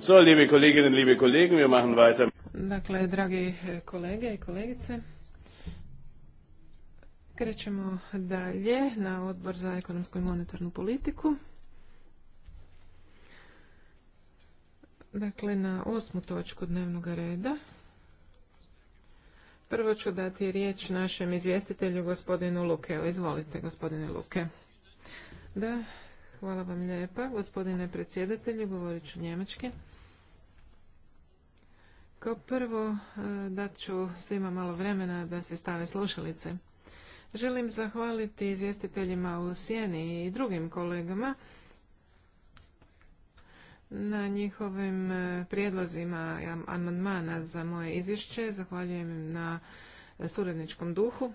So, liebe Kolleginnen, liebe Kollegen, Dakle, dragi kolege i kolegice, krećemo dalje na odbor za ekonomsku i monetarnu politiku. Dakle, na osmu točku dnevnog reda. Prvo ću dati riječ našem izvjestitelju, gospodinu Lukeu. Izvolite, gospodine Luke. Da, Hvala vam lijepa. Gospodine predsjedatelju, govorit ću njemački. Kao prvo e, dat ću svima malo vremena da se stave slušalice. Želim zahvaliti izvjestiteljima u Sjeni i drugim kolegama na njihovim e, prijedlozima amandmana za moje izvješće. Zahvaljujem im na e, suradničkom duhu.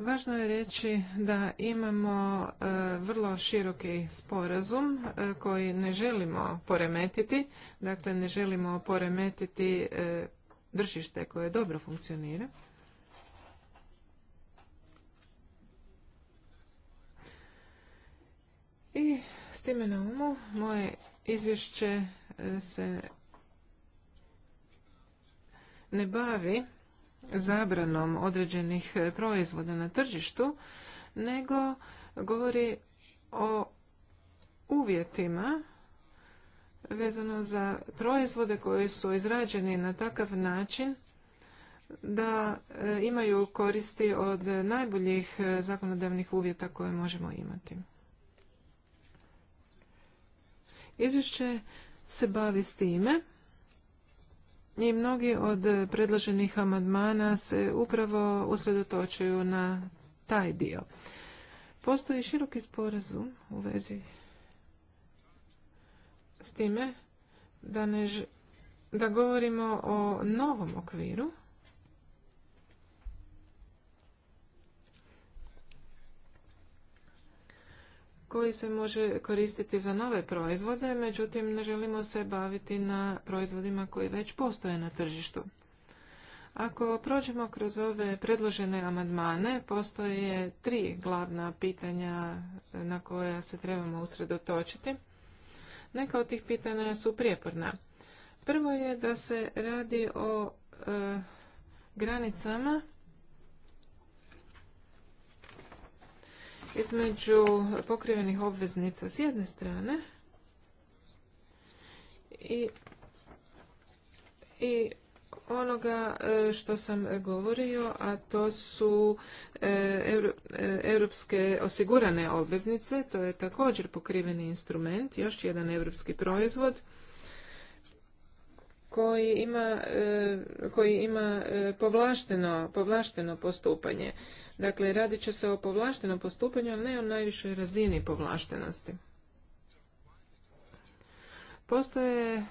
Važno je reći da imamo e, vrlo široki sporazum e, koji ne želimo poremetiti, dakle ne želimo poremetiti e, držište koje dobro funkcionira. I s time na umu moje izvješće se ne bavi zabranom određenih proizvoda na tržištu, nego govori o uvjetima vezano za proizvode koji su izrađeni na takav način da e, imaju koristi od najboljih e, zakonodavnih uvjeta koje možemo imati. Izvješće se bavi s time i mnogi od predloženih amandmana se upravo usredotočuju na taj dio. Postoji široki sporazum u vezi s time da, ne, da govorimo o novom okviru koji se može koristiti za nove proizvode, međutim ne želimo se baviti na proizvodima koji već postoje na tržištu. Ako prođemo kroz ove predložene amandmane, postoje tri glavna pitanja na koja se trebamo usredotočiti. Neka od tih pitanja su prijeporna. Prvo je da se radi o e, granicama između pokrivenih obveznica s jedne strane i, i onoga e, što sam govorio, a to su e, e, europske osigurane obveznice, to je također pokriveni instrument, još jedan europski proizvod koji ima, koji ima povlašteno, povlašteno postupanje. Dakle, radit će se o povlaštenom postupanju, a ne o najvišoj razini povlaštenosti. Postoje e,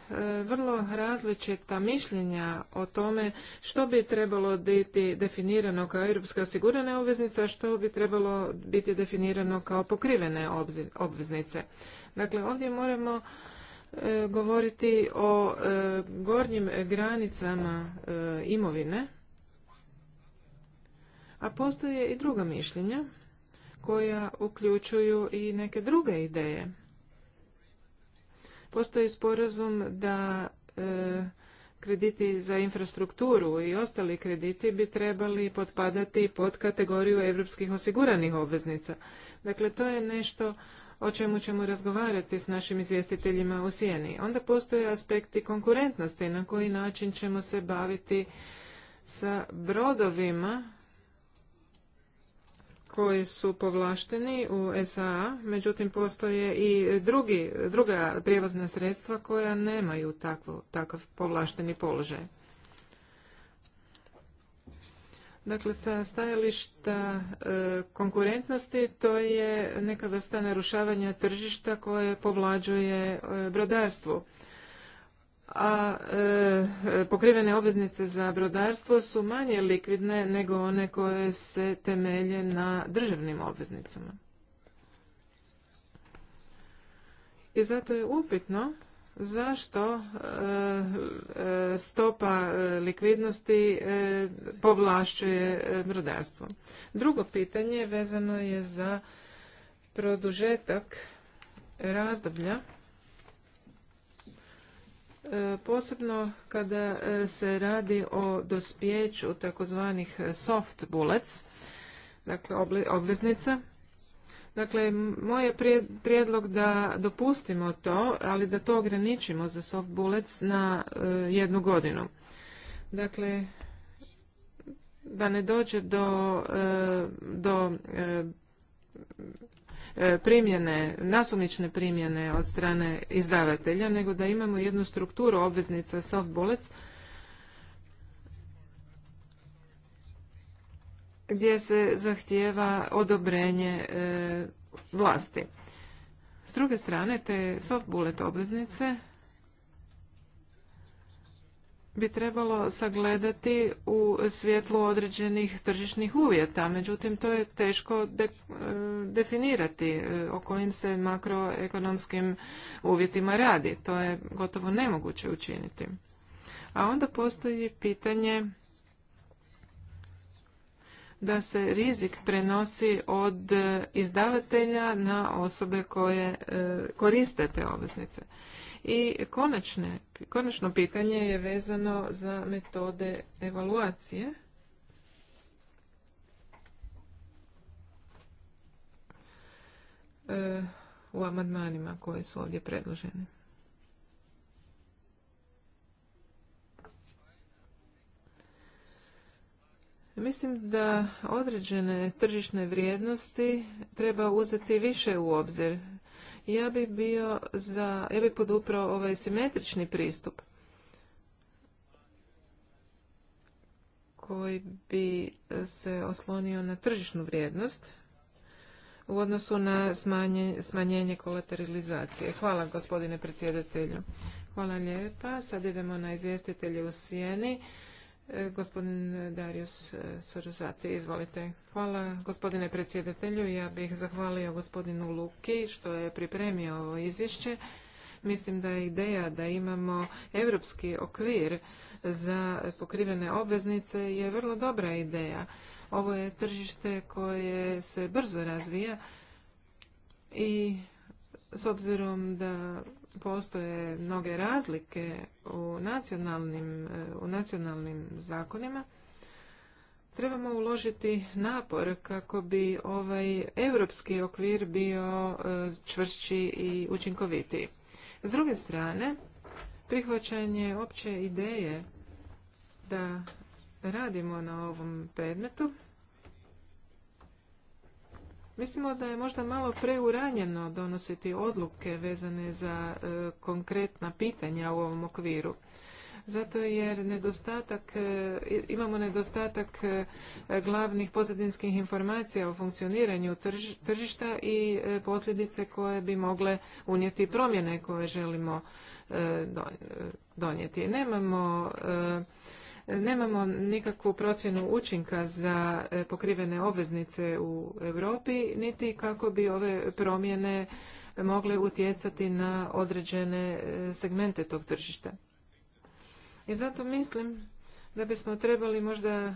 vrlo različita mišljenja o tome što bi trebalo biti definirano kao europska osigurana obveznica, a što bi trebalo biti definirano kao pokrivene obveznice. Dakle, ovdje moramo e, govoriti o e, gornjim granicama imovine a postoje i druga mišljenja koja uključuju i neke druge ideje. Postoji sporazum da e, krediti za infrastrukturu i ostali krediti bi trebali potpadati pod kategoriju europskih osiguranih obveznica. Dakle, to je nešto o čemu ćemo razgovarati s našim izvjestiteljima u Sijeni. Onda postoje aspekti konkurentnosti na koji način ćemo se baviti sa brodovima koji su povlašteni u SAA, međutim postoje i drugi, druga prijevozna sredstva koja nemaju takvo, takav povlašteni položaj. Dakle, sa stajališta e, konkurentnosti to je neka vrsta narušavanja tržišta koje povlađuje e, brodarstvu a e, pokrivene obveznice za brodarstvo su manje likvidne nego one koje se temelje na državnim obveznicama. I zato je upitno zašto e, e, stopa likvidnosti povlašćuje brodarstvo. Drugo pitanje vezano je za produžetak razdoblja E, posebno kada e, se radi o dospijeću takozvanih e, soft bullets, dakle obveznica. Dakle, moj je prijedlog da dopustimo to, ali da to ograničimo za soft bullets na jednu godinu. Dakle, da ne dođe do, do E, primjene, nasumične primjene od strane izdavatelja, nego da imamo jednu strukturu obveznica soft bullets gdje se zahtijeva odobrenje e, vlasti. S druge strane, te soft bullet obveznice bi trebalo sagledati u svjetlu određenih tržišnih uvjeta. Međutim, to je teško e, definirati e, o kojim se makroekonomskim uvjetima radi. To je gotovo nemoguće učiniti. A onda postoji pitanje da se rizik prenosi od e, izdavatelja na osobe koje e, koriste te obveznice. I konačne, konačno pitanje je vezano za metode evaluacije. E, u amandmanima koji su ovdje predloženi. Mislim da određene tržišne vrijednosti treba uzeti više u obzir. Ja bi bio za, ja bih poduprao ovaj simetrični pristup koji bi se oslonio na tržišnu vrijednost u odnosu na smanjenje kolateralizacije. Hvala gospodine predsjedatelju. Hvala lijepa. Sad idemo na izvjestitelje u sjeni. E, gospodin Darius e, Sorozati, izvolite. Hvala gospodine predsjedatelju. Ja bih zahvalio gospodinu Luki što je pripremio ovo izvješće. Mislim da je ideja da imamo europski okvir za pokrivene obveznice je vrlo dobra ideja. Ovo je tržište koje se brzo razvija i s obzirom da postoje mnoge razlike u nacionalnim, u nacionalnim zakonima, trebamo uložiti napor kako bi ovaj europski okvir bio e, čvršći i učinkovitiji. S druge strane, prihvaćanje opće ideje da radimo na ovom predmetu Mislimo da je možda malo preuranjeno donositi odluke vezane za e, konkretna pitanja u ovom okviru. Zato jer nedostatak, e, imamo nedostatak e, glavnih pozadinskih informacija o funkcioniranju tržišta i posljedice koje bi mogle unijeti promjene koje želimo donijeti. Nemamo Nemamo nikakvu procjenu učinka za e, pokrivene obveznice u Europi, niti kako bi ove promjene mogle utjecati na određene e, segmente tog tržišta. I zato mislim da bismo trebali možda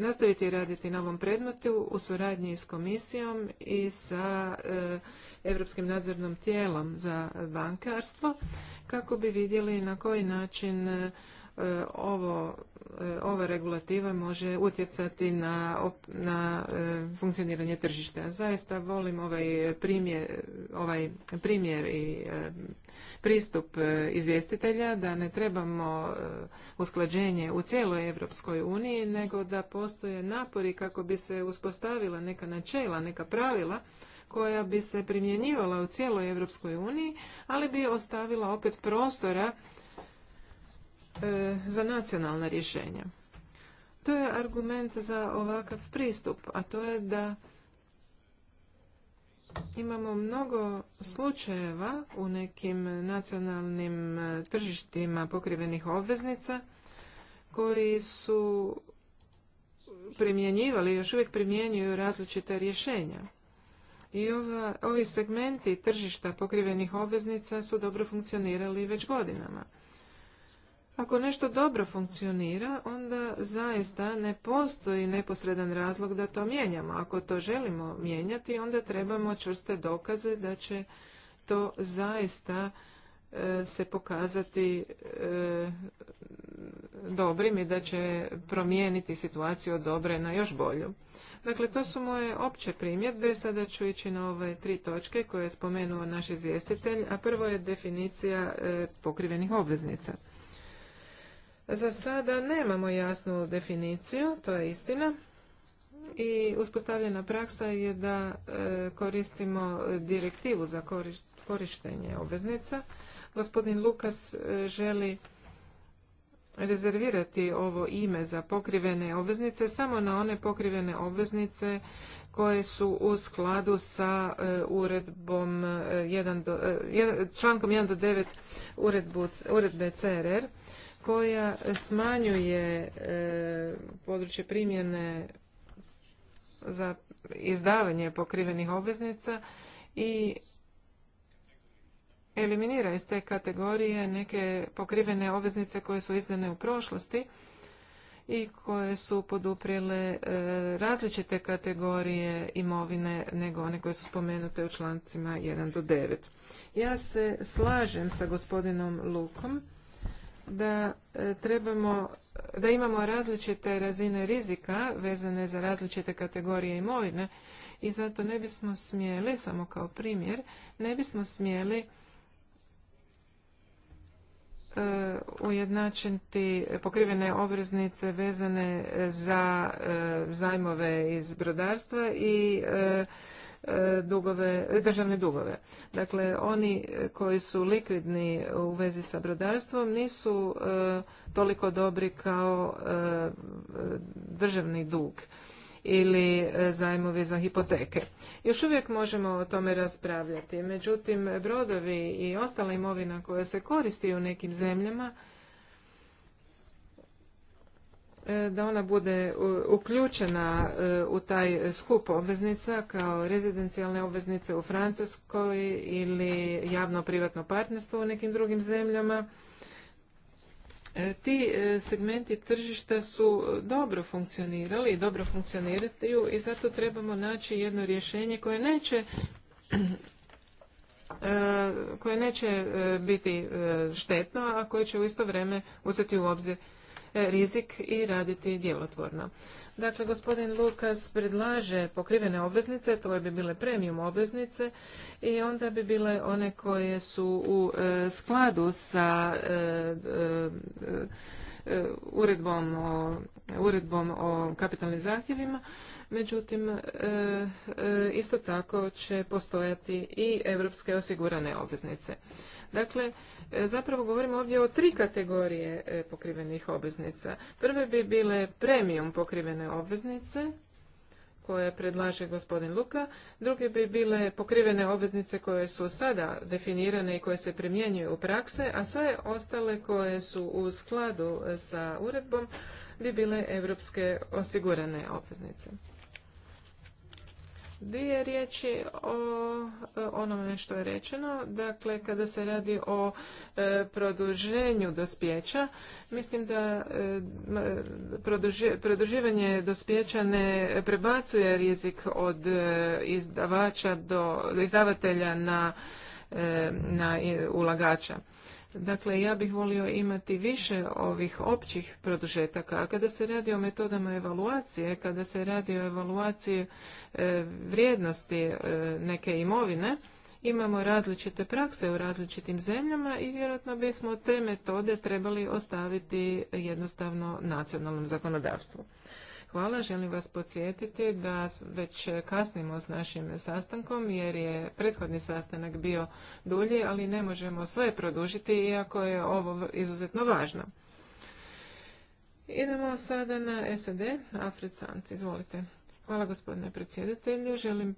nastaviti raditi na ovom predmetu u suradnji s komisijom i sa e, Europskim nadzornom tijelom za bankarstvo kako bi vidjeli na koji način E, ovo, e, ova regulativa može utjecati na, na e, funkcioniranje tržišta. Zaista volim ovaj primjer, ovaj primjer i pristup izvjestitelja da ne trebamo usklađenje u cijeloj Europskoj uniji, nego da postoje napori kako bi se uspostavila neka načela, neka pravila koja bi se primjenjivala u cijeloj Europskoj uniji, ali bi ostavila opet prostora E, za nacionalna rješenja. To je argument za ovakav pristup, a to je da imamo mnogo slučajeva u nekim nacionalnim e, tržištima pokrivenih obveznica koji su primjenjivali, još uvijek primjenjuju različita rješenja. I ova, ovi segmenti tržišta pokrivenih obveznica su dobro funkcionirali već godinama. Ako nešto dobro funkcionira, onda zaista ne postoji neposredan razlog da to mijenjamo. Ako to želimo mijenjati, onda trebamo čvrste dokaze da će to zaista e, se pokazati e, dobrim i da će promijeniti situaciju od dobre na još bolju. Dakle, to su moje opće primjedbe. Sada ću ići na ove tri točke koje je spomenuo naš izvjestitelj, a prvo je definicija e, pokrivenih obveznica. Za sada nemamo jasnu definiciju, to je istina. I uspostavljena praksa je da e, koristimo direktivu za korištenje obveznica. Gospodin Lukas e, želi rezervirati ovo ime za pokrivene obveznice samo na one pokrivene obveznice koje su u skladu sa e, uredbom 1 do, člankom 1 do 9 uredbe CRR koja smanjuje e, područje primjene za izdavanje pokrivenih obveznica i eliminira iz te kategorije neke pokrivene obveznice koje su izdane u prošlosti i koje su poduprijele e, različite kategorije imovine nego one koje su spomenute u člancima 1 do 9. Ja se slažem sa gospodinom Lukom da e, trebamo da imamo različite razine rizika vezane za različite kategorije imovine i zato ne bismo smjeli samo kao primjer ne bismo smjeli e, ujednačiti pokrivene obveznice vezane za e, zajmove iz brodarstva i dugove, državne dugove. Dakle, oni koji su likvidni u vezi sa brodarstvom nisu e, toliko dobri kao e, državni dug ili e, zajmovi za hipoteke. Još uvijek možemo o tome raspravljati. Međutim, brodovi i ostala imovina koja se koristi u nekim zemljama E, da ona bude uključena e, u taj skup obveznica kao rezidencijalne obveznice u Francuskoj ili javno-privatno partnerstvo u nekim drugim zemljama. E, ti segmenti tržišta su dobro funkcionirali i dobro funkcioniraju i zato trebamo naći jedno rješenje koje neće koje neće biti štetno, a koje će u isto vrijeme uzeti u obzir rizik i raditi djelotvorno. Dakle, gospodin Lukas predlaže pokrivene obveznice, to bi bile premium obveznice i onda bi bile one koje su u e, skladu sa e, e, uredbom o, uredbom o kapitalnim zahtjevima međutim e, e, isto tako će postojati i europske osigurane obveznice. Dakle, e, zapravo govorimo ovdje o tri kategorije pokrivenih obveznica. Prve bi bile premium pokrivene obveznice, koje predlaže gospodin Luka, druge bi bile pokrivene obveznice koje su sada definirane i koje se primjenjuju u prakse, a sve ostale koje su u skladu sa uredbom bi bile europske osigurane obveznice. Dvije riječi o onome što je rečeno. Dakle, kada se radi o e, produženju dospjeća, mislim da e, produživanje dospjeća ne prebacuje rizik od e, izdavača do izdavatelja na, na ulagača. Dakle, ja bih volio imati više ovih općih produžetaka, a kada se radi o metodama evaluacije, kada se radi o evaluaciji e, vrijednosti e, neke imovine, imamo različite prakse u različitim zemljama i vjerojatno bismo te metode trebali ostaviti jednostavno nacionalnom zakonodavstvu. Hvala, želim vas podsjetiti da već kasnimo s našim sastankom jer je prethodni sastanak bio dulji, ali ne možemo sve produžiti iako je ovo izuzetno važno. Idemo sada na SD Afrit Sant, izvolite. Hvala gospodine predsjedatelju. Želim e,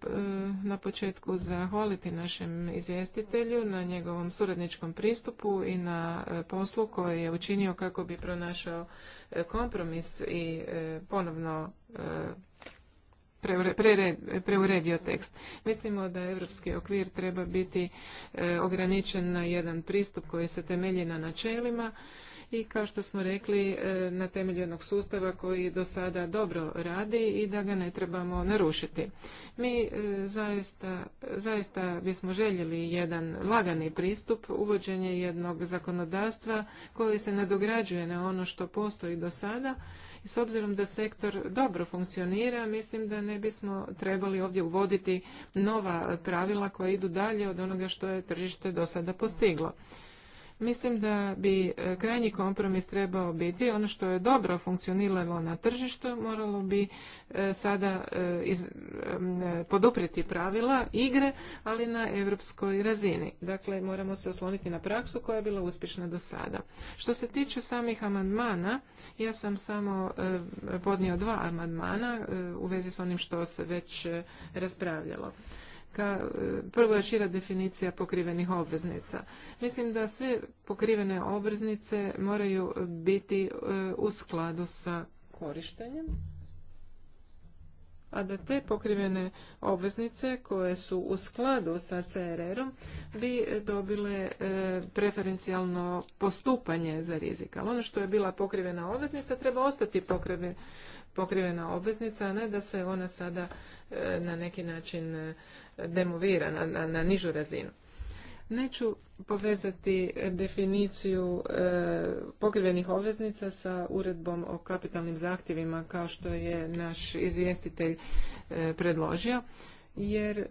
na početku zahvaliti našem izvjestitelju na njegovom suradničkom pristupu i na e, poslu koji je učinio kako bi pronašao e, kompromis i ponovno preuredio tekst. Mislimo da europski okvir treba biti ograničen na jedan pristup koji se temelji na načelima i kao što smo rekli e, na temelju jednog sustava koji do sada dobro radi i da ga ne trebamo narušiti. Mi e, zaista, zaista bismo željeli jedan lagani pristup, uvođenje jednog zakonodavstva koji se nadograđuje na ono što postoji do sada i s obzirom da sektor dobro funkcionira, mislim da ne bismo trebali ovdje uvoditi nova pravila koja idu dalje od onoga što je tržište do sada postiglo. Mislim da bi e, krajnji kompromis trebao biti ono što je dobro funkcioniralo na tržištu, moralo bi e, sada e, poduprijeti pravila igre, ali na europskoj razini. Dakle, moramo se osloniti na praksu koja je bila uspješna do sada. Što se tiče samih amandmana, ja sam samo podnio dva amandmana u vezi s onim što se već raspravljalo ka, e, prvo je šira definicija pokrivenih obveznica. Mislim da sve pokrivene obveznice moraju biti e, u skladu sa korištenjem a da te pokrivene obveznice koje su u skladu sa CRR-om bi dobile e, preferencijalno postupanje za rizik. Ali ono što je bila pokrivena obveznica treba ostati pokrivena obveznica, a ne da se ona sada e, na neki način e, demovira na, na nižu razinu. Neću povezati definiciju e, pokrivenih obveznica sa uredbom o kapitalnim zahtjevima kao što je naš izvjestitelj e, predložio, jer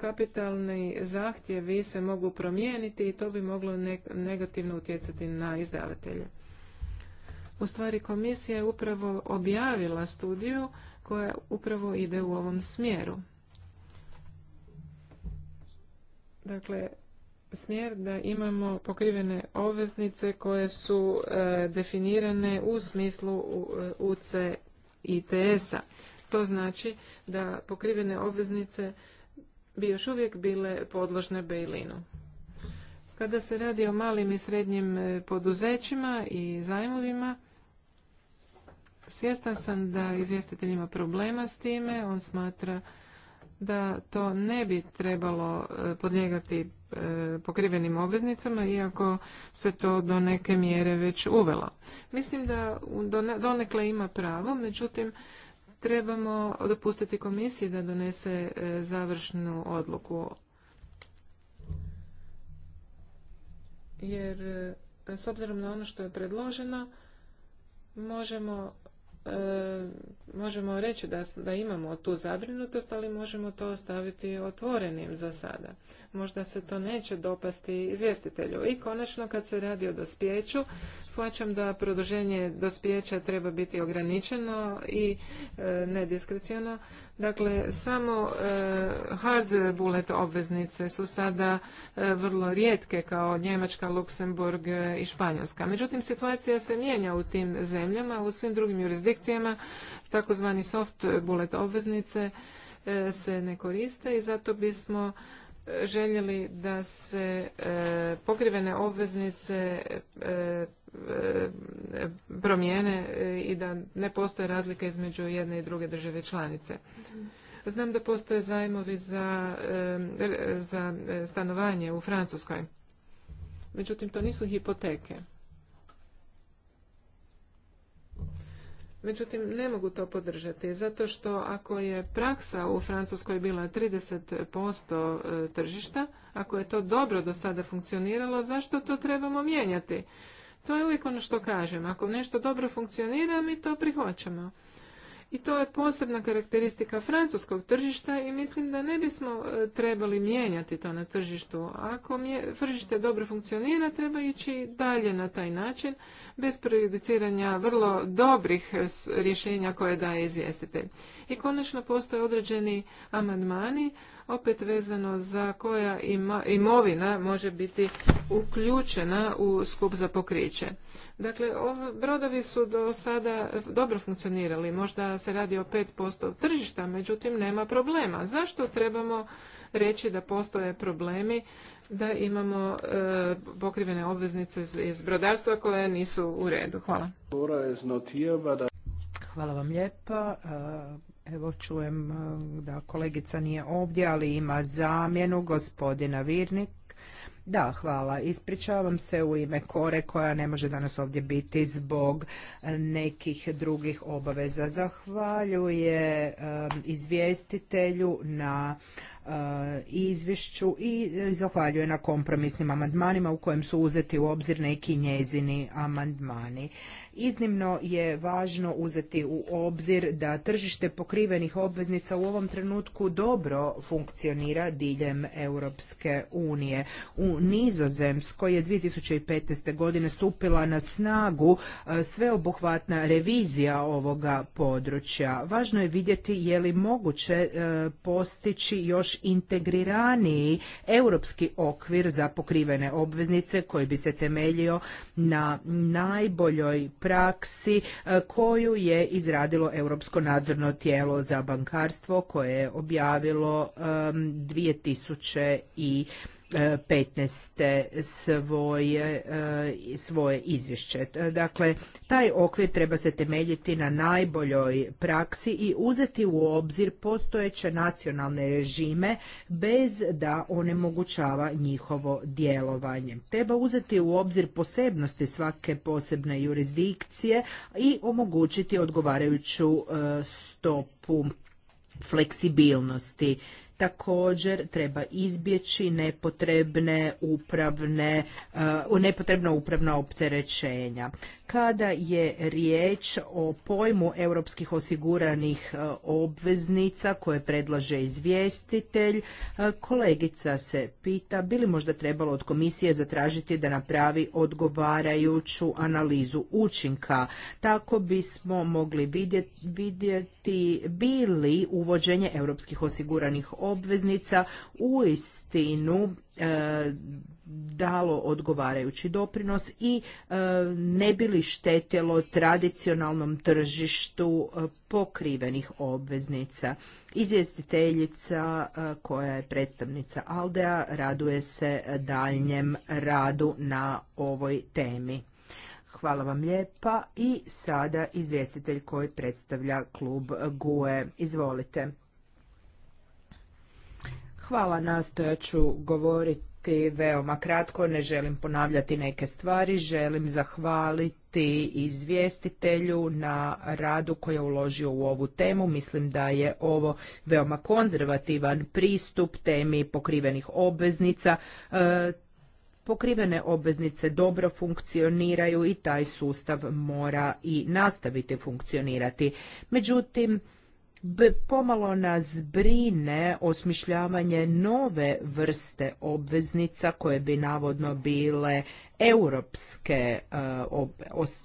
kapitalni zahtjevi se mogu promijeniti i to bi moglo negativno utjecati na izdavatelje. U stvari komisija je upravo objavila studiju koja upravo ide u ovom smjeru. Dakle, smjer da imamo pokrivene obveznice koje su e, definirane u smislu e, ts a To znači da pokrivene obveznice bi još uvijek bile podložne Bejlinu. Kada se radi o malim i srednjim e, poduzećima i zajmovima, svjestan sam da izvjestitelj ima problema s time, on smatra da to ne bi trebalo e, podlijegati e, pokrivenim obveznicama, iako se to do neke mjere već uvelo. Mislim da donekle ima pravo, međutim, trebamo dopustiti komisiji da donese e, završnu odluku. Jer, s obzirom na ono što je predloženo, možemo E, možemo reći da, da imamo tu zabrinutost, ali možemo to ostaviti otvorenim za sada. Možda se to neće dopasti izvjestitelju. I konačno kad se radi o dospjeću, shvaćam da produženje dospjeća treba biti ograničeno i e, nediskreciono. Dakle, samo e, hard bullet obveznice su sada e, vrlo rijetke kao Njemačka, Luksemburg e, i Španjolska. Međutim, situacija se mijenja u tim zemljama, u svim drugim jurisdikcijama, takozvani soft bullet obveznice se ne koriste i zato bismo željeli da se pokrivene obveznice E, promijene e, i da ne postoje razlike između jedne i druge države članice. Znam da postoje zajmovi za, e, za stanovanje u Francuskoj. Međutim, to nisu hipoteke. Međutim, ne mogu to podržati, zato što ako je praksa u Francuskoj bila 30% tržišta, ako je to dobro do sada funkcioniralo, zašto to trebamo mijenjati? To je uvijek ono što kažem. Ako nešto dobro funkcionira, mi to prihvaćamo. I to je posebna karakteristika francuskog tržišta i mislim da ne bismo e, trebali mijenjati to na tržištu. Ako tržište dobro funkcionira, treba ići dalje na taj način, bez prejudiciranja vrlo dobrih e, rješenja koje daje izvjestitelj. I konačno postoje određeni amandmani opet vezano za koja imovina može biti uključena u skup za pokriće. Dakle, brodovi su do sada dobro funkcionirali, možda se radi o 5% tržišta, međutim nema problema. Zašto trebamo reći da postoje problemi da imamo e, pokrivene obveznice iz brodarstva koje nisu u redu? Hvala. Hvala vam lijepa. E, Evo čujem e, da kolegica nije ovdje, ali ima zamjenu gospodina Virnik. Da, hvala. Ispričavam se u ime Kore koja ne može danas ovdje biti zbog nekih drugih obaveza. Zahvaljujem e, izvjestitelju na E, izvješću i zahvaljuje na kompromisnim amandmanima u kojem su uzeti u obzir neki njezini amandmani. Iznimno je važno uzeti u obzir da tržište pokrivenih obveznica u ovom trenutku dobro funkcionira diljem Europske unije. U Nizozemskoj je 2015. godine stupila na snagu e, sveobuhvatna revizija ovoga područja. Važno je vidjeti je li moguće e, postići još još integriraniji europski okvir za pokrivene obveznice koji bi se temeljio na najboljoj praksi e, koju je izradilo Europsko nadzorno tijelo za bankarstvo koje je objavilo 2000 i 2015. svoje, e, svoje izvješće. Dakle, taj okvir treba se temeljiti na najboljoj praksi i uzeti u obzir postojeće nacionalne režime bez da onemogućava njihovo djelovanje. Treba uzeti u obzir posebnosti svake posebne jurisdikcije i omogućiti odgovarajuću e, stopu fleksibilnosti Također treba izbjeći nepotrebne upravne, e, nepotrebna upravna opterećenja. Kada je riječ o pojmu europskih osiguranih e, obveznica koje predlaže izvjestitelj, e, kolegica se pita bi li možda trebalo od komisije zatražiti da napravi odgovarajuću analizu učinka. Tako bismo mogli vidjeti bili uvođenje europskih osiguranih obveznica u istinu e, dalo odgovarajući doprinos i e, ne bi li štetilo tradicionalnom tržištu e, pokrivenih obveznica. Izvjestiteljica e, koja je predstavnica Aldea raduje se daljnjem radu na ovoj temi. Hvala vam lijepa i sada izvjestitelj koji predstavlja klub GUE. Izvolite. Hvala, nastojat ću govoriti biti veoma kratko, ne želim ponavljati neke stvari, želim zahvaliti izvjestitelju na radu koji je uložio u ovu temu. Mislim da je ovo veoma konzervativan pristup temi pokrivenih obveznica. E, pokrivene obveznice dobro funkcioniraju i taj sustav mora i nastaviti funkcionirati. Međutim, Pomalo nas brine osmišljavanje nove vrste obveznica koje bi navodno bile europske e,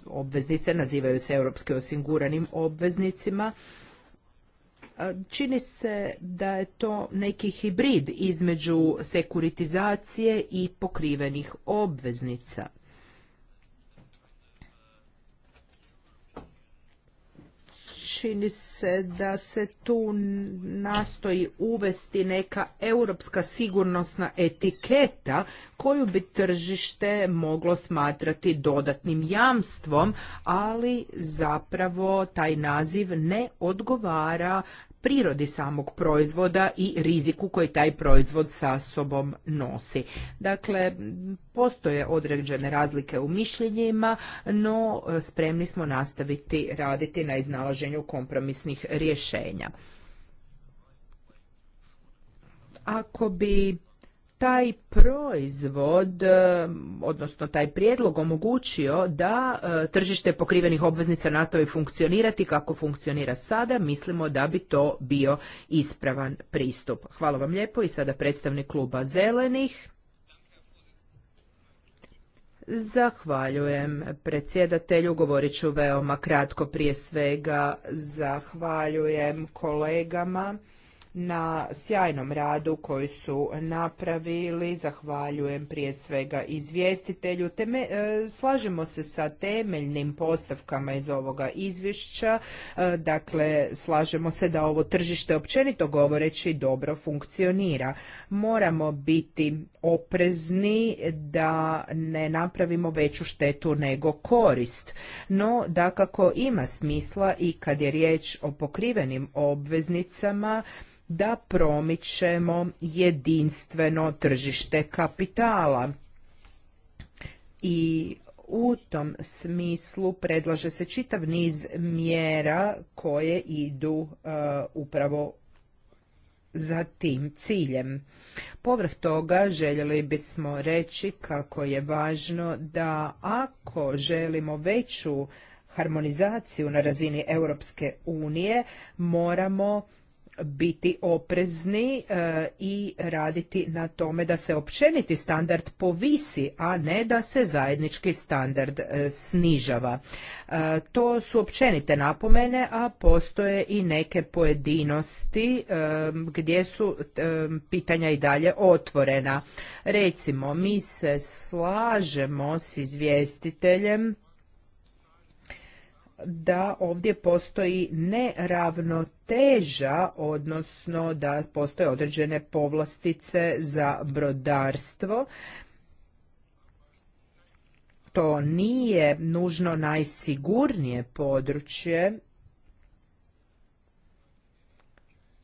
obveznice, nazivaju se europske osiguranim obveznicima. E, čini se da je to neki hibrid između sekuritizacije i pokrivenih obveznica. čini se da se tu nastoji uvesti neka europska sigurnosna etiketa koju bi tržište moglo smatrati dodatnim jamstvom, ali zapravo taj naziv ne odgovara prirodi samog proizvoda i riziku koji taj proizvod sa sobom nosi. Dakle, postoje određene razlike u mišljenjima, no e, spremni smo nastaviti raditi na iznalaženju kompromisnih rješenja. Ako bi taj proizvod, e, odnosno taj prijedlog omogućio da e, tržište pokrivenih obveznica nastavi funkcionirati kako funkcionira sada, mislimo da bi to bio ispravan pristup. Hvala vam lijepo i sada predstavnik kluba Zelenih. Zahvaljujem predsjedatelju, govorit ću veoma kratko prije svega. Zahvaljujem kolegama na sjajnom radu koji su napravili. Zahvaljujem prije svega izvjestitelju. Teme, e, slažemo se sa temeljnim postavkama iz ovoga izvješća. E, dakle, slažemo se da ovo tržište općenito govoreći dobro funkcionira. Moramo biti oprezni da ne napravimo veću štetu nego korist. No, dakako ima smisla i kad je riječ o pokrivenim obveznicama da promičemo jedinstveno tržište kapitala. I u tom smislu predlaže se čitav niz mjera koje idu e, upravo za tim ciljem. Povrh toga željeli bismo reći kako je važno da ako želimo veću harmonizaciju na razini Europske unije moramo biti oprezni e, i raditi na tome da se općeniti standard povisi, a ne da se zajednički standard e, snižava. E, to su općenite napomene, a postoje i neke pojedinosti gdje su pitanja i dalje otvorena. Recimo, mi se slažemo s izvjestiteljem da ovdje postoji neravnoteža, odnosno da postoje određene povlastice za brodarstvo. To nije nužno najsigurnije područje,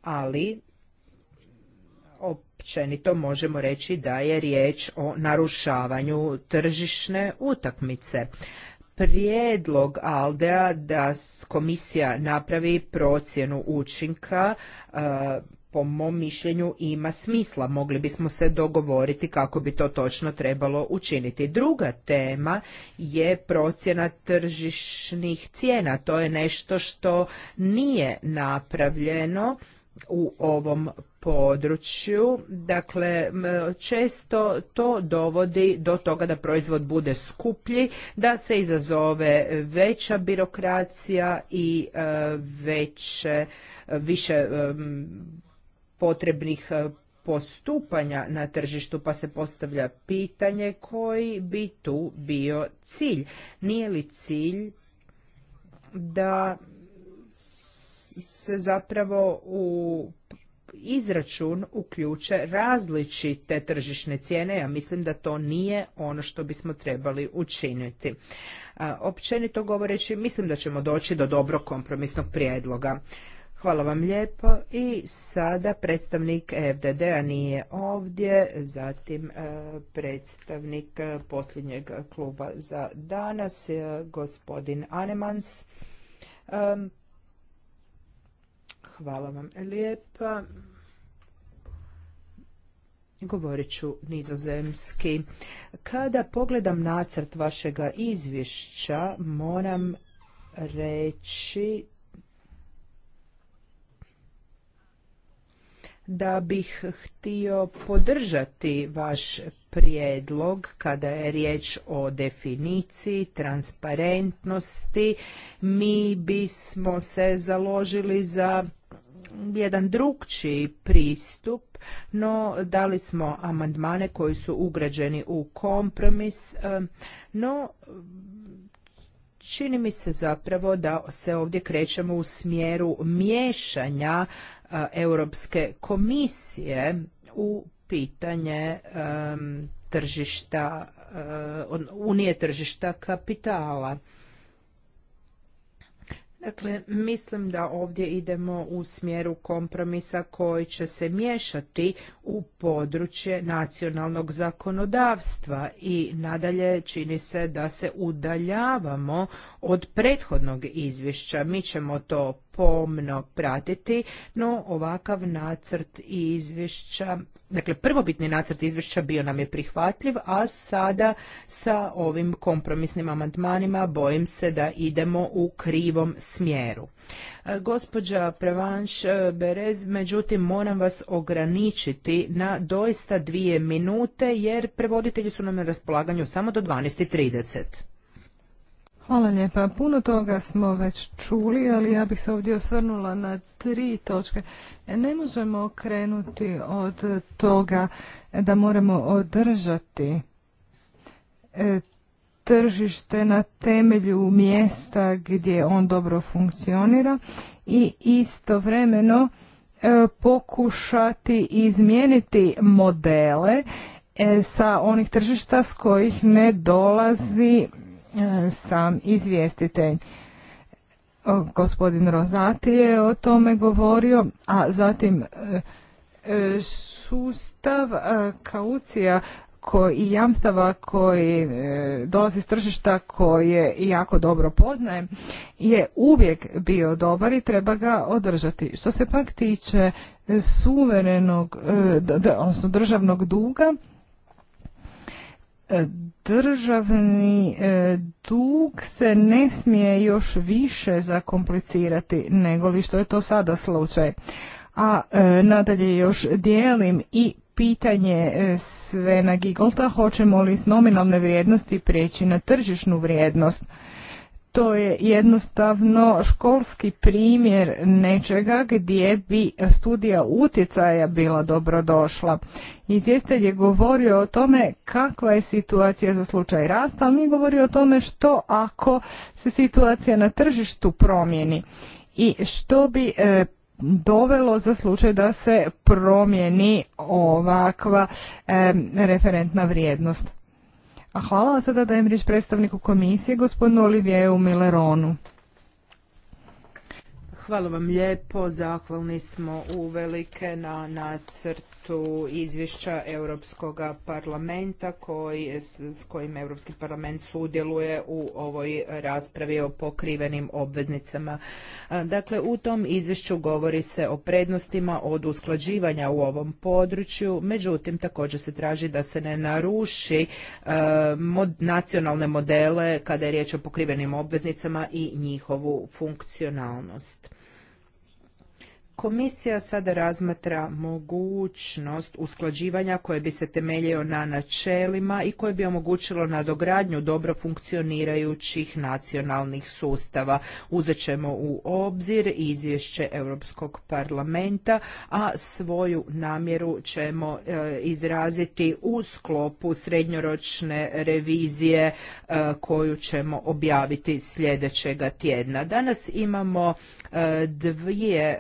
ali općenito možemo reći da je riječ o narušavanju tržišne utakmice prijedlog Aldea da komisija napravi procjenu učinka e, po mom mišljenju ima smisla. Mogli bismo se dogovoriti kako bi to točno trebalo učiniti. Druga tema je procjena tržišnih cijena. To je nešto što nije napravljeno u ovom području. Dakle, često to dovodi do toga da proizvod bude skuplji, da se izazove veća birokracija i e, veće, više e, potrebnih e, postupanja na tržištu pa se postavlja pitanje koji bi tu bio cilj. Nije li cilj da se zapravo u izračun uključe različite tržišne cijene. Ja mislim da to nije ono što bismo trebali učiniti. Općenito govoreći, mislim da ćemo doći do dobro kompromisnog prijedloga. Hvala vam lijepo i sada predstavnik FDD-a nije ovdje, zatim e, predstavnik e, posljednjeg kluba za danas, e, gospodin Anemans. Hvala vam lijepa. Govorit ću nizozemski. Kada pogledam nacrt vašega izvješća, moram reći da bih htio podržati vaš prijedlog kada je riječ o definiciji, transparentnosti. Mi bismo se založili za jedan drugčiji pristup, no dali smo amandmane koji su ugrađeni u kompromis, no čini mi se zapravo da se ovdje krećemo u smjeru miješanja e, Europske komisije u pitanje tržišta, e, unije tržišta kapitala. Dakle, mislim da ovdje idemo u smjeru kompromisa koji će se miješati u područje nacionalnog zakonodavstva i nadalje čini se da se udaljavamo od prethodnog izvješća. Mi ćemo to pomno pratiti, no ovakav nacrt izvješća, dakle prvobitni nacrt izvješća bio nam je prihvatljiv, a sada sa ovim kompromisnim amandmanima bojim se da idemo u krivom smjeru. E, gospođa Prevanš e, Berez, međutim moram vas ograničiti na doista dvije minute jer prevoditelji su nam na raspolaganju samo do 12.30. Hvala lijepa. Puno toga smo već čuli, ali ja bih se ovdje osvrnula na tri točke. E, ne možemo krenuti od toga da moramo održati e, tržište na temelju mjesta gdje on dobro funkcionira i istovremeno e, pokušati izmijeniti modele sa onih tržišta s kojih ne dolazi sam izvjestitelj. Gospodin Rozati je o tome govorio, a zatim e, e, sustav e, kaucija koji, i jamstava koji dolazi s tržišta koje jako dobro poznajem je uvijek bio dobar i treba ga održati. Što se pak tiče suverenog, odnosno državnog duga, državni e, dug se ne smije još više zakomplicirati nego li što je to sada slučaj. A e, nadalje još dijelim i pitanje e, Svena Gigolta hoćemo li s nominalne vrijednosti prijeći na tržišnu vrijednost to je jednostavno školski primjer nečega gdje bi studija utjecaja bila dobrodošla. Izvjestelj je govorio o tome kakva je situacija za slučaj rasta, ali nije govorio o tome što ako se situacija na tržištu promijeni i što bi e, dovelo za slučaj da se promijeni ovakva e, referentna vrijednost. A hvala vam sada dajem riječ predstavniku komisije, gospodinu Olivijeu Mileronu. Hvala vam lijepo, zahvalni smo uvelike na nacrtu izvješća Europskog parlamenta koji s kojim Europski parlament sudjeluje u ovoj raspravi o pokrivenim obveznicama. Dakle, u tom izvješću govori se o prednostima od usklađivanja u ovom području, međutim također se traži da se ne naruši nacionalne modele kada je riječ o pokrivenim obveznicama i njihovu funkcionalnost. Komisija sada razmatra mogućnost usklađivanja koje bi se temeljio na načelima i koje bi omogućilo nadogradnju dobro funkcionirajućih nacionalnih sustava. Uzet ćemo u obzir izvješće Europskog parlamenta, a svoju namjeru ćemo e, izraziti u sklopu srednjoročne revizije e, koju ćemo objaviti sljedećega tjedna. Danas imamo e, dvije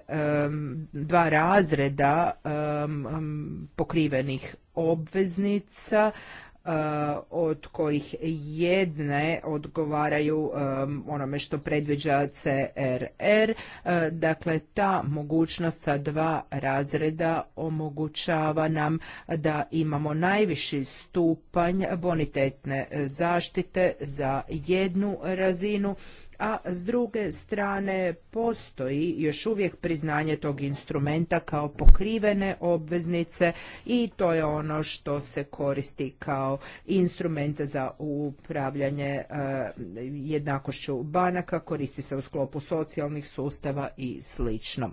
Um, dva razreda um, um, pokrivenih obveznica uh, od kojih jedne odgovaraju onome što predviđa CRR. Uh, dakle, ta mogućnost sa dva razreda omogućava nam da imamo najviši stupanj bonitetne uh, zaštite za jednu razinu a s druge strane postoji još uvijek priznanje tog instrumenta kao pokrivene obveznice i to je ono što se koristi kao instrument za upravljanje e, jednakošću banaka, koristi se u sklopu socijalnih sustava i slično.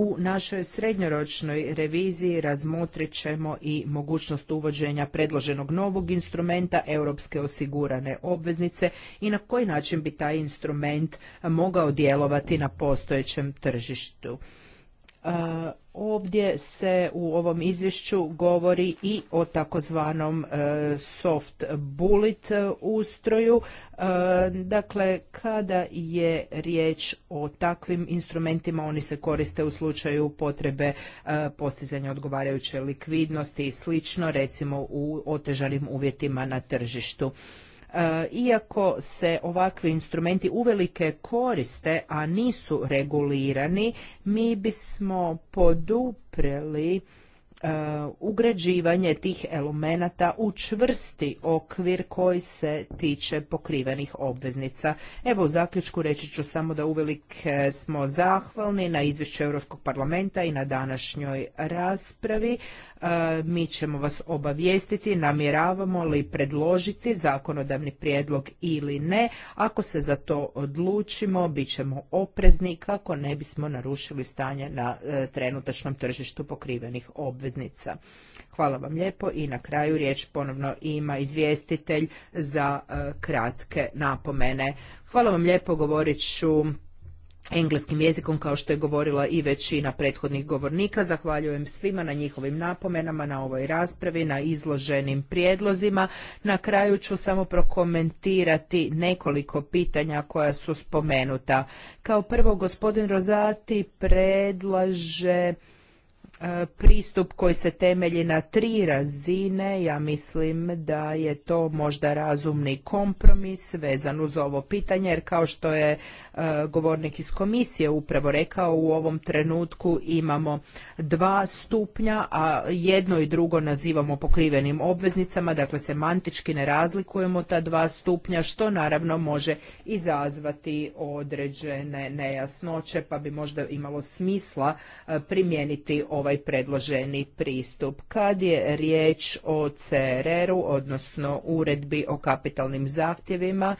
U našoj srednjoročnoj reviziji razmotrit ćemo i mogućnost uvođenja predloženog novog instrumenta europske osigurane obveznice i na koji način bi taj instrument mogao djelovati na postojećem tržištu. E, ovdje se u ovom izvješću govori i o takozvanom e, soft bullet ustroju. E, dakle, kada je riječ o takvim instrumentima, oni se koriste u slučaju potrebe postizanja odgovarajuće likvidnosti i slično, recimo u otežanim uvjetima na tržištu. E, iako se ovakvi instrumenti uvelike koriste, a nisu regulirani, mi bismo podupreli E, ugrađivanje tih elemenata u čvrsti okvir koji se tiče pokrivenih obveznica. Evo u zaključku reći ću samo da uvelik smo zahvalni na izvješću Europskog parlamenta i na današnjoj raspravi. E, mi ćemo vas obavijestiti namjeravamo li predložiti zakonodavni prijedlog ili ne. Ako se za to odlučimo, bit ćemo oprezni kako ne bismo narušili stanje na e, trenutačnom tržištu pokrivenih obveznica obveznica. Hvala vam lijepo i na kraju riječ ponovno ima izvjestitelj za e, kratke napomene. Hvala vam lijepo, govorit ću engleskim jezikom kao što je govorila i većina prethodnih govornika. Zahvaljujem svima na njihovim napomenama, na ovoj raspravi, na izloženim prijedlozima. Na kraju ću samo prokomentirati nekoliko pitanja koja su spomenuta. Kao prvo, gospodin Rozati predlaže E, pristup koji se temelji na tri razine. Ja mislim da je to možda razumni kompromis vezan uz ovo pitanje, jer kao što je E, govornik iz komisije upravo rekao, u ovom trenutku imamo dva stupnja, a jedno i drugo nazivamo pokrivenim obveznicama, dakle semantički ne razlikujemo ta dva stupnja, što naravno može izazvati određene nejasnoće, pa bi možda imalo smisla e, primijeniti ovaj predloženi pristup. Kad je riječ o CRR-u, odnosno uredbi o kapitalnim zahtjevima,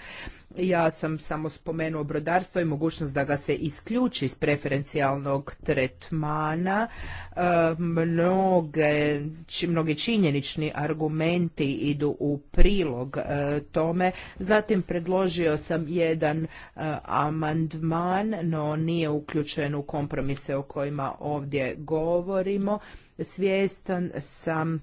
ja sam samo spomenuo brodarstvo i mogućnost da ga se isključi iz preferencijalnog tretmana. E, mnoge, mnogi činjenični argumenti idu u prilog e, tome. Zatim predložio sam jedan e, amandman, no nije uključen u kompromise o kojima ovdje govorimo. Svjestan sam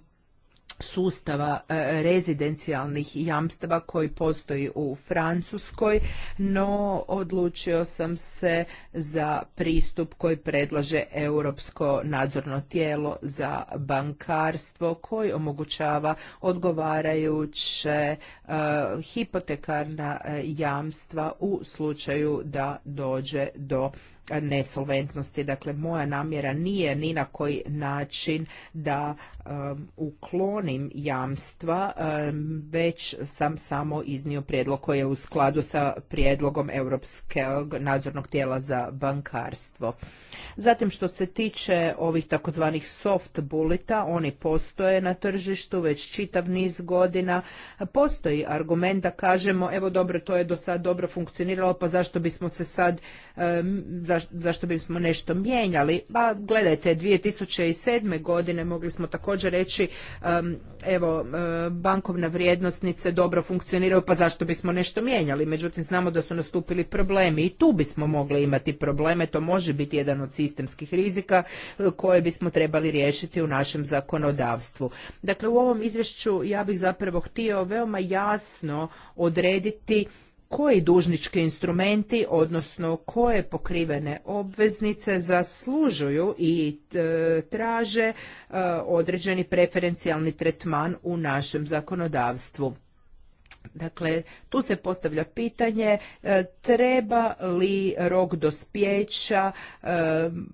sustava e, rezidencijalnih jamstava koji postoji u Francuskoj, no odlučio sam se za pristup koji predlaže Europsko nadzorno tijelo za bankarstvo koji omogućava odgovarajuće e, hipotekarna e, jamstva u slučaju da dođe do nesolventnosti. Dakle, moja namjera nije ni na koji način da um, uklonim jamstva, um, već sam samo iznio prijedlog koji je u skladu sa prijedlogom Europskog nadzornog tijela za bankarstvo. Zatim što se tiče ovih takozvanih soft bulita, oni postoje na tržištu već čitav niz godina. Postoji argument da kažemo, evo dobro, to je do sad dobro funkcioniralo, pa zašto bismo se sad, um, zašto bismo nešto mijenjali. Pa gledajte, 2007. godine mogli smo također reći evo bankovna vrijednosnice dobro funkcioniraju pa zašto bismo nešto mijenjali. Međutim, znamo da su nastupili problemi i tu bismo mogli imati probleme. To može biti jedan od sistemskih rizika e, koje bismo trebali riješiti u našem zakonodavstvu. Dakle, u ovom izvješću ja bih zapravo htio veoma jasno odrediti koji dužnički instrumenti, odnosno koje pokrivene obveznice zaslužuju i e, traže e, određeni preferencijalni tretman u našem zakonodavstvu. Dakle, tu se postavlja pitanje e, treba li rok dospjeća e,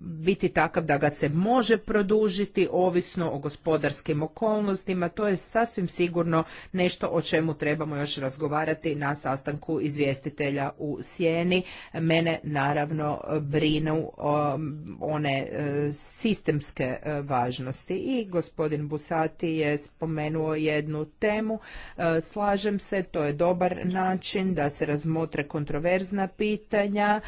biti takav da ga se može produžiti ovisno o gospodarskim okolnostima. To je sasvim sigurno nešto o čemu trebamo još razgovarati na sastanku izvjestitelja u Sjeni. Mene naravno brinu one e, sistemske važnosti i gospodin Busati je spomenuo jednu temu. Slažem se to je dobar način da se razmotre kontroverzna pitanja.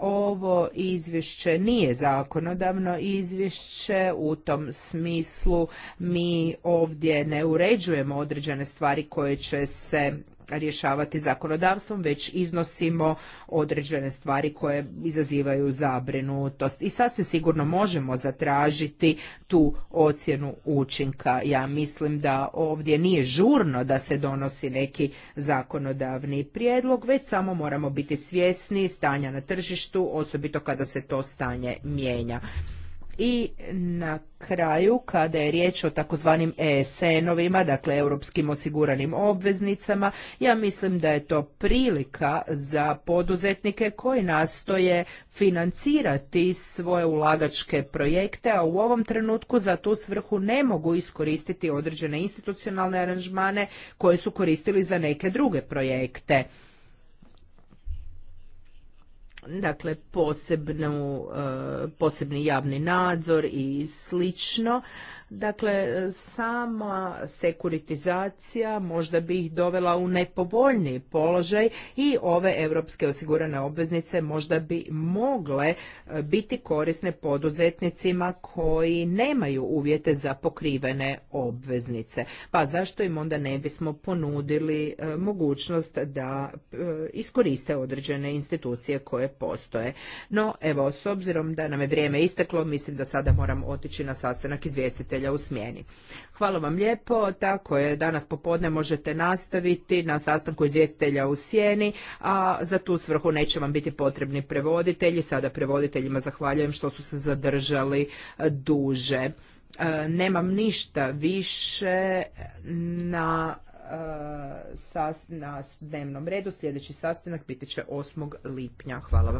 Ovo izvješće nije zakonodavno izvješće, u tom smislu mi ovdje ne uređujemo određene stvari koje će se rješavati zakonodavstvom, već iznosimo određene stvari koje izazivaju zabrinutost. I sasvim sigurno možemo zatražiti tu ocjenu učinka. Ja mislim da ovdje nije žurno da se donosi neki zakonodavni prijedlog, već samo moramo biti svjesni stanja na tržištu, osobito kada se to stanje mijenja. I na kraju, kada je riječ o takozvanim ESN-ovima, dakle europskim osiguranim obveznicama, ja mislim da je to prilika za poduzetnike koji nastoje financirati svoje ulagačke projekte, a u ovom trenutku za tu svrhu ne mogu iskoristiti određene institucionalne aranžmane koje su koristili za neke druge projekte dakle posebnu, eh, posebni javni nadzor i slično Dakle, sama sekuritizacija možda bi ih dovela u nepovoljni položaj i ove europske osigurane obveznice možda bi mogle e, biti korisne poduzetnicima koji nemaju uvjete za pokrivene obveznice. Pa zašto im onda ne bismo ponudili e, mogućnost da e, iskoriste određene institucije koje postoje. No, evo, s obzirom da nam je vrijeme isteklo, mislim da sada moram otići na sastanak izvjestitelja nedjelja u smjeni. Hvala vam lijepo, tako je, danas popodne možete nastaviti na sastanku izvjestitelja u sjeni, a za tu svrhu neće vam biti potrebni prevoditelji. Sada prevoditeljima zahvaljujem što su se zadržali e, duže. E, nemam ništa više na e, na dnevnom redu. Sljedeći sastanak biti će 8. lipnja. Hvala vam.